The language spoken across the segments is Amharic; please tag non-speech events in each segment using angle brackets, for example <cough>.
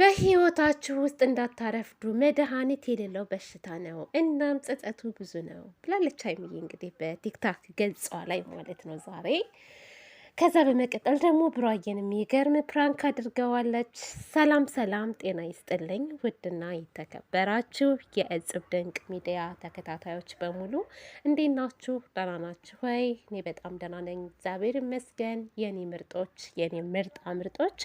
በህይወታችሁ ውስጥ እንዳታረፍዱ መድኃኒት የሌለው በሽታ ነው። እናም ጸጸቱ ብዙ ነው ብላለች ሀይሚዬ እንግዲህ በቲክታክ ገጿ ላይ ማለት ነው ዛሬ ከዛ በመቀጠል ደግሞ ብሩዬን የሚገርም ፕራንክ አድርገዋለች። ሰላም ሰላም፣ ጤና ይስጥልኝ ውድና የተከበራችሁ የእጽብ ድንቅ ሚዲያ ተከታታዮች በሙሉ እንዴት ናችሁ? ደህና ናችሁ ወይ? እኔ በጣም ደህና ነኝ፣ እግዚአብሔር ይመስገን። የኔ ምርጦች፣ የኔ ምርጣ ምርጦች፣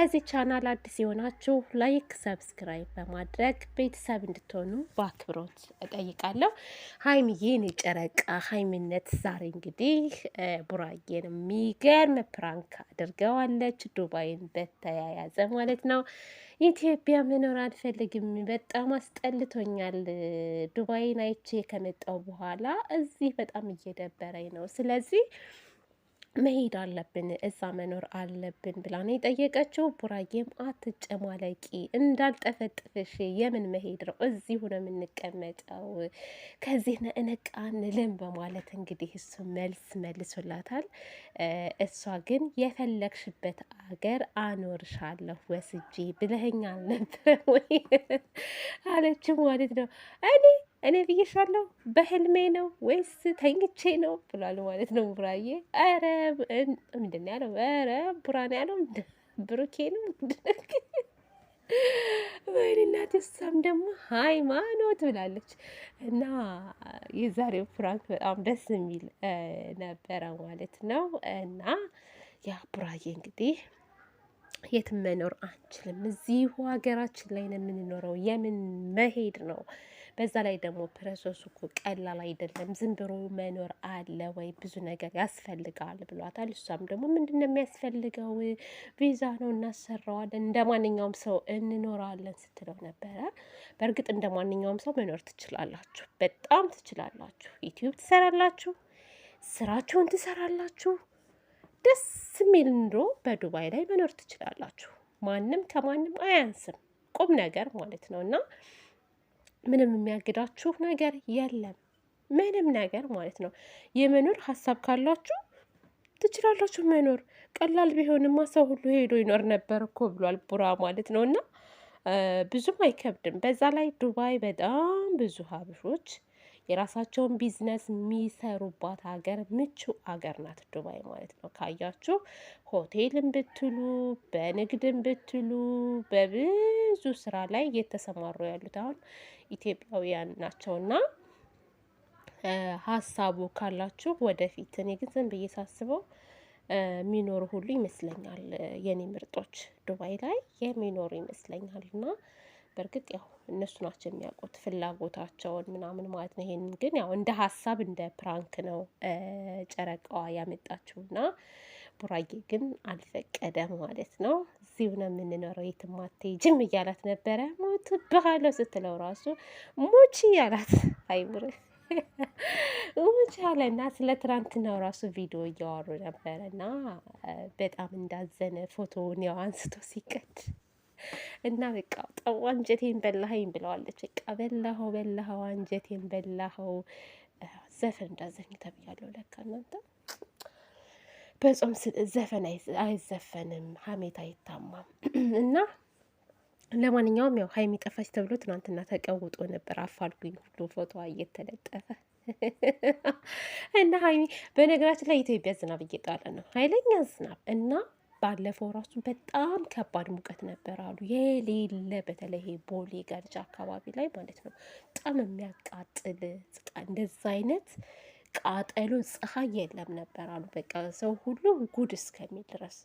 ለዚህ ቻናል አዲስ የሆናችሁ ላይክ፣ ሰብስክራይብ በማድረግ ቤተሰብ እንድትሆኑ በአክብሮት እጠይቃለሁ። ሀይምዬን የጨረቃ ሀይምነት ዛሬ እንግዲህ ብሩዬን የሚገ የሚገርም ፕራንክ አድርገዋለች። ዱባይን በተያያዘ ማለት ነው። ኢትዮጵያ መኖር አልፈልግም፣ በጣም አስጠልቶኛል። ዱባይን አይቼ ከመጣው በኋላ እዚህ በጣም እየደበረኝ ነው። ስለዚህ መሄድ አለብን እዛ መኖር አለብን ብላ ነው የጠየቀችው። ቡራዬም አትጨማለቂ እንዳልጠፈጥፍሽ የምን መሄድ ነው እዚሁ ነው የምንቀመጠው ከዚህ ነእነቃ ንልም በማለት እንግዲህ እሱ መልስ መልሶላታል። እሷ ግን የፈለግሽበት አገር አኖርሻለሁ ወስጄ ብለኸኛል ነበር ወይ አለችው ማለት ነው እኔ እኔ ብዬሻለሁ በህልሜ ነው ወይስ ተኝቼ ነው ብሏል ማለት ነው ቡራዬ። ኧረ ምንድን ያለው? ኧረ ቡራ ነው ያለው ብሩኬ ነው ወይኔ እናቴ። እሷም ደግሞ ሃይማኖት ብላለች። እና የዛሬው ፍራንክ በጣም ደስ የሚል ነበረ ማለት ነው። እና ያ ቡራዬ እንግዲህ የትም መኖር አንችልም፣ እዚሁ ሀገራችን ላይ ነው የምንኖረው። የምን መሄድ ነው በዛ ላይ ደግሞ ፕሮሰሱ እኮ ቀላል አይደለም። ዝም ብሎ መኖር አለ ወይ ብዙ ነገር ያስፈልጋል ብሏታል። እሷም ደግሞ ምንድን ነው የሚያስፈልገው ቪዛ ነው እናሰራዋለን፣ እንደ ማንኛውም ሰው እንኖራለን ስትለው ነበረ። በእርግጥ እንደ ማንኛውም ሰው መኖር ትችላላችሁ፣ በጣም ትችላላችሁ። ዩትዩብ ትሰራላችሁ፣ ስራችሁን ትሰራላችሁ። ደስ የሚል ኑሮ በዱባይ ላይ መኖር ትችላላችሁ። ማንም ከማንም አያንስም። ቁም ነገር ማለት ነው እና ምንም የሚያግዳችሁ ነገር የለም። ምንም ነገር ማለት ነው። የመኖር ሀሳብ ካላችሁ ትችላላችሁ መኖር። ቀላል ቢሆንማ ሰው ሁሉ ሄዶ ይኖር ነበር እኮ ብሏል ቡራ ማለት ነው። እና ብዙም አይከብድም። በዛ ላይ ዱባይ በጣም ብዙ ሀብሾች። የራሳቸውን ቢዝነስ የሚሰሩባት ሀገር ምቹ ሀገር ናት ዱባይ ማለት ነው። ካያችሁ ሆቴልም ብትሉ በንግድም ብትሉ በብዙ ስራ ላይ የተሰማሩ ያሉት አሁን ኢትዮጵያውያን ናቸውና ሀሳቡ ካላችሁ ወደፊት እኔ ግን ዝም ብዬ ሳስበው የሚኖሩ ሁሉ ይመስለኛል የኔ ምርጦች ዱባይ ላይ የሚኖሩ ይመስለኛልና በእርግጥ ያው እነሱ ናቸው የሚያውቁት ፍላጎታቸውን ምናምን ማለት ነው። ይሄንን ግን ያው እንደ ሀሳብ እንደ ፕራንክ ነው ጨረቃዋ ያመጣችውና ቡራጌ ግን አልፈቀደም ማለት ነው። እዚሁ ነው የምንኖረው የትም አትሄጂም እያላት ነበረ። ሞትብሃለሁ ስትለው ራሱ ሞች እያላት አይምር አለ እና ስለ ትናንትናው ራሱ ቪዲዮ እያዋሩ ነበረ እና በጣም እንዳዘነ ፎቶውን ያው አንስቶ ሲቀድ እና በቃ ጠዋ አንጀቴን በላኸኝ ብለዋለች። በቃ በላኸው በላኸው አንጀቴን በላኸው። ዘፈን እንዳዘኝ ተብያለሁ ለካ እናንተ በጾም ዘፈን አይዘፈንም፣ ሀሜት አይታማም <clears throat> እና ለማንኛውም ያው ሀይሚ ጠፋች ተብሎ ትናንትና ተቀውጦ ነበር። አፋልጉኝ ሁሉ ፎቶ እየተለጠፈ <laughs> እና ሀይሚ በነገራችን ላይ ኢትዮጵያ ዝናብ እየጣለ ነው፣ ሀይለኛ ዝናብ እና ባለፈው ራሱ በጣም ከባድ ሙቀት ነበር አሉ የሌለ በተለይ ቦሌ ገርጃ አካባቢ ላይ ማለት ነው። በጣም የሚያቃጥል እንደዛ አይነት ቃጠሎ ፀሐይ የለም ነበር አሉ። በቃ ሰው ሁሉ ጉድ እስከሚል ድረስ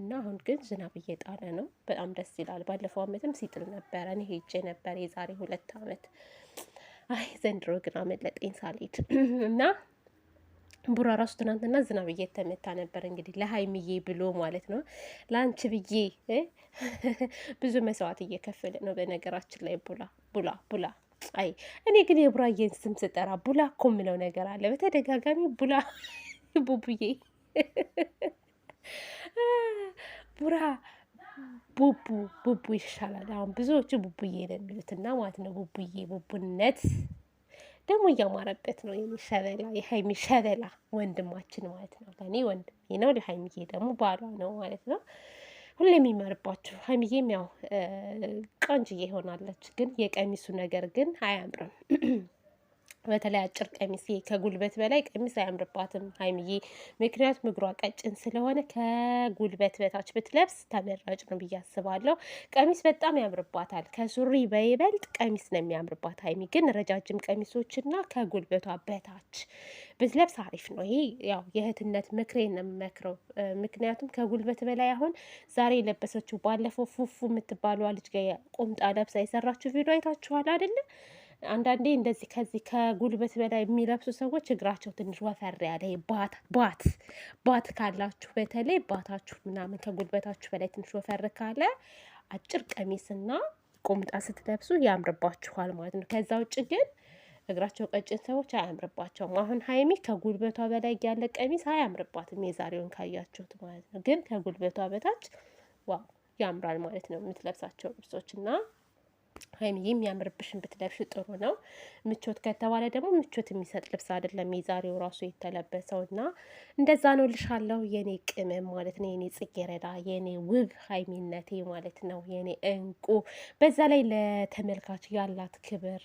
እና አሁን ግን ዝናብ እየጣለ ነው። በጣም ደስ ይላል። ባለፈው ዓመትም ሲጥል ነበረ። እኔ ሄጄ ነበር የዛሬ ሁለት አመት። አይ ዘንድሮ ግን አመለጠኝ ሳልሄድ እና ቡራ ራሱ ትናንትና ዝናብ እየተመታ ነበር። እንግዲህ ለሀይምዬ ብሎ ማለት ነው ለአንቺ ብዬ <laughs> ብዙ መስዋዕት እየከፈለ ነው። በነገራችን ላይ ቡላ ቡላ ቡላ። አይ እኔ ግን የቡራዬን ስም ስጠራ ቡላ እኮ የምለው ነገር አለ በተደጋጋሚ ቡላ <laughs> ቡቡዬ <laughs> ቡራ ቡቡ ቡቡ ይሻላል። አሁን ብዙዎቹ ቡቡዬ ነው የሚሉትና ማለት ነው ቡቡዬ ቡቡነት ደግሞ እያማረበት ነው የሚሸበላ የሀይሚ ሸበላ ወንድማችን ማለት ነው። ለእኔ ወንድሜ ነው፣ ለሀይሚዬ ደግሞ ባሏ ነው ማለት ነው። ሁሌም ይመርባችሁ። ሀይሚዬም ያው ቆንጅዬ ሆናለች፣ ግን የቀሚሱ ነገር ግን አያምርም። <clears throat> በተለይ አጭር ቀሚስ ከጉልበት በላይ ቀሚስ አያምርባትም ሀይምዬ። ምክንያቱም እግሯ ቀጭን ስለሆነ ከጉልበት በታች ብትለብስ ተመራጭ ነው ብዬ አስባለሁ። ቀሚስ በጣም ያምርባታል። ከሱሪ በይበልጥ ቀሚስ ነው የሚያምርባት ሀይሚ። ግን ረጃጅም ቀሚሶችና ከጉልበቷ በታች ብትለብስ አሪፍ ነው። ይሄ ያው የእህትነት ምክሬ ነው የምመክረው። ምክንያቱም ከጉልበት በላይ አሁን ዛሬ የለበሰችው ባለፈው ፉፉ የምትባለዋ ልጅ ቁምጣ ለብሳ የሰራችሁ ቪዲዮ አይታችኋል አይደለም? አንዳንዴ እንደዚህ ከዚህ ከጉልበት በላይ የሚለብሱ ሰዎች እግራቸው ትንሽ ወፈር ያለ ባት ባት ካላችሁ በተለይ ባታችሁ ምናምን ከጉልበታችሁ በላይ ትንሽ ወፈር ካለ አጭር ቀሚስና ቁምጣ ስትለብሱ ያምርባችኋል ማለት ነው። ከዛ ውጭ ግን እግራቸው ቀጭን ሰዎች አያምርባቸውም። አሁን ሀይሚ ከጉልበቷ በላይ ያለ ቀሚስ አያምርባትም። የዛሬውን ካያችሁት ማለት ነው። ግን ከጉልበቷ በታች ዋው ያምራል ማለት ነው የምትለብሳቸው ልብሶች እና ሀይሚዬ የሚያምርብሽን ብትለብሽ ጥሩ ነው። ምቾት ከተባለ ደግሞ ምቾት የሚሰጥ ልብስ አይደለም የዛሬው ራሱ የተለበሰው እና እንደዛ ነው ልሻለው። የኔ ቅመም ማለት ነው፣ የኔ ጽጌረዳ፣ የኔ ውብ ሀይሚነቴ ማለት ነው፣ የኔ እንቁ። በዛ ላይ ለተመልካች ያላት ክብር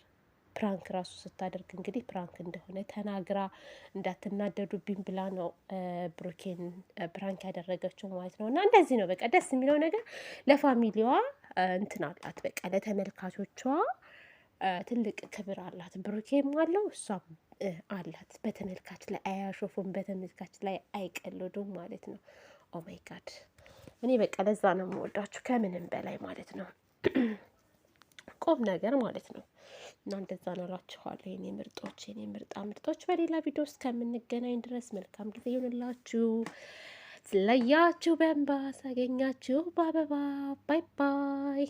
ፕራንክ ራሱ ስታደርግ እንግዲህ ፕራንክ እንደሆነ ተናግራ እንዳትናደዱብኝ ብላ ነው ብሩኬን ፕራንክ ያደረገችው ማለት ነው። እና እንደዚህ ነው በቃ ደስ የሚለው ነገር ለፋሚሊዋ እንትን አላት በቃ ለተመልካቾቿ ትልቅ ክብር አላት። ብሩኬም አለው እሷም አላት። በተመልካች ላይ አያሾፉም፣ በተመልካች ላይ አይቀልዱም ማለት ነው። ኦማይ ጋድ እኔ በቃ ለዛ ነው የምወዳችሁ ከምንም በላይ ማለት ነው። ቁም <clears throat> ነገር ማለት ነው እና እንደዛ ነው የኔ ምርጦች፣ የኔ ምርጣ ምርጦች፣ በሌላ ቪዲዮ እስከምንገናኝ ድረስ መልካም ጊዜ ይሆንላችሁ። ስለያችሁ በእንባ ሳገኛችሁ በአበባ ባይ ባይ